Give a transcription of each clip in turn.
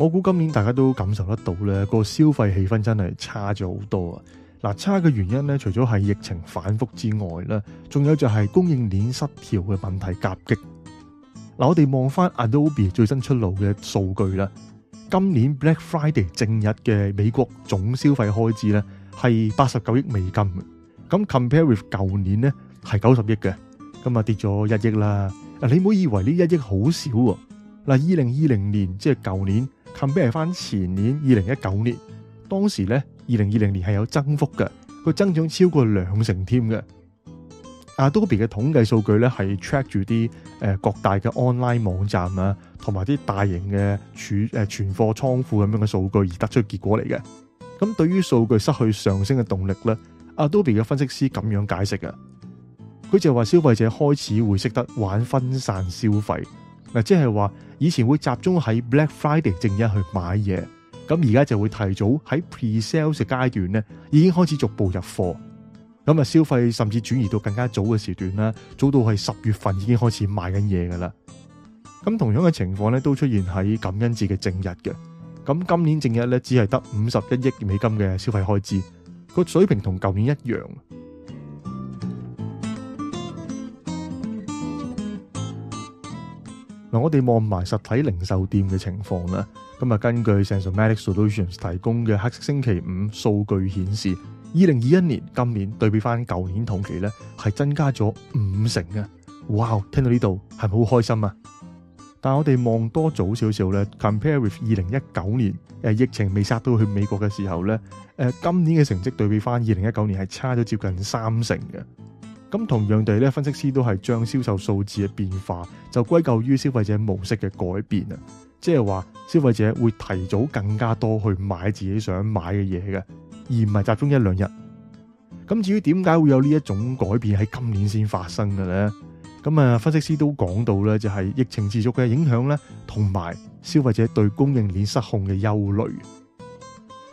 我估今年大家都感受得到咧，個消費氣氛真係差咗好多啊！嗱，差嘅原因咧，除咗係疫情反覆之外咧，仲有就係供應鏈失調嘅問題夾擊。嗱，我哋望翻 Adobe 最新出爐嘅數據啦，今年 Black Friday 正日嘅美國總消費開支咧係八十九億美金，咁 compare with 舊年咧係九十億嘅，咁啊跌咗一億啦。你唔好以為呢一億好少喎，嗱，二零二零年即係舊年。相比係翻前年二零一九年，當時咧二零二零年係有增幅嘅，佢增長超過兩成添嘅。Adobe 嘅統計數據咧係 track 住啲誒各大嘅 online 網站啊，同埋啲大型嘅儲誒存貨倉庫咁樣嘅數據而得出結果嚟嘅。咁對於數據失去上升嘅動力咧，Adobe 嘅分析師咁樣解釋嘅、啊，佢就話消費者開始會識得玩分散消費。嗱，即係話以前會集中喺 Black Friday 正一去買嘢，咁而家就會提早喺 pre-sales 階段咧，已經開始逐步入貨，咁啊消費甚至轉移到更加早嘅時段啦，早到係十月份已經開始買緊嘢噶啦。咁同樣嘅情況咧，都出現喺感恩節嘅正日嘅，咁今年正日咧只係得五十一億美金嘅消費開支，個水平同舊年一樣。嗱，我哋望埋實體零售店嘅情況啦。咁啊，根據 Sensormatic Solutions 提供嘅黑色星期五數據顯示，二零二一年今年對比翻舊年同期咧，係增加咗五成啊！哇，聽到呢度係咪好開心啊？但我哋望多早少少咧，compare with 二零一九年，誒疫情未殺到去美國嘅時候咧，誒今年嘅成績對比翻二零一九年係差咗接近三成嘅。咁同樣地咧，分析師都係將銷售數字嘅變化就歸咎於消費者模式嘅改變啊！即係話消費者會提早更加多去買自己想買嘅嘢嘅，而唔係集中一兩日。咁至於點解會有呢一種改變喺今年先發生嘅呢？咁啊，分析師都講到咧，就係疫情持續嘅影響咧，同埋消費者對供應鏈失控嘅憂慮。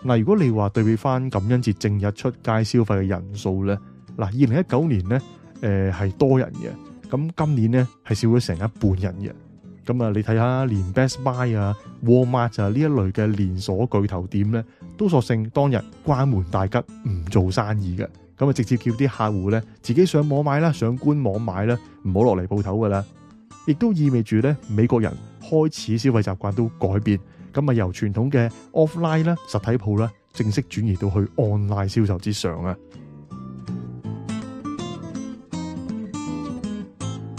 嗱，如果你話對比翻感恩節正日出街消費嘅人數咧，嗱，二零一九年咧，誒係多人嘅，咁今年咧係少咗成一半人嘅。咁啊，你睇下連 Best Buy 啊、Walmart 就係呢一類嘅連鎖巨頭店咧，都索性當日關門大吉，唔做生意嘅。咁啊，直接叫啲客戶咧自己上網買啦，上官網買啦，唔好落嚟鋪頭㗎喇。亦都意味住咧，美國人開始消費習慣都改變，咁啊由傳統嘅 offline 啦實體鋪啦，正式轉移到去 online 銷售之上啊。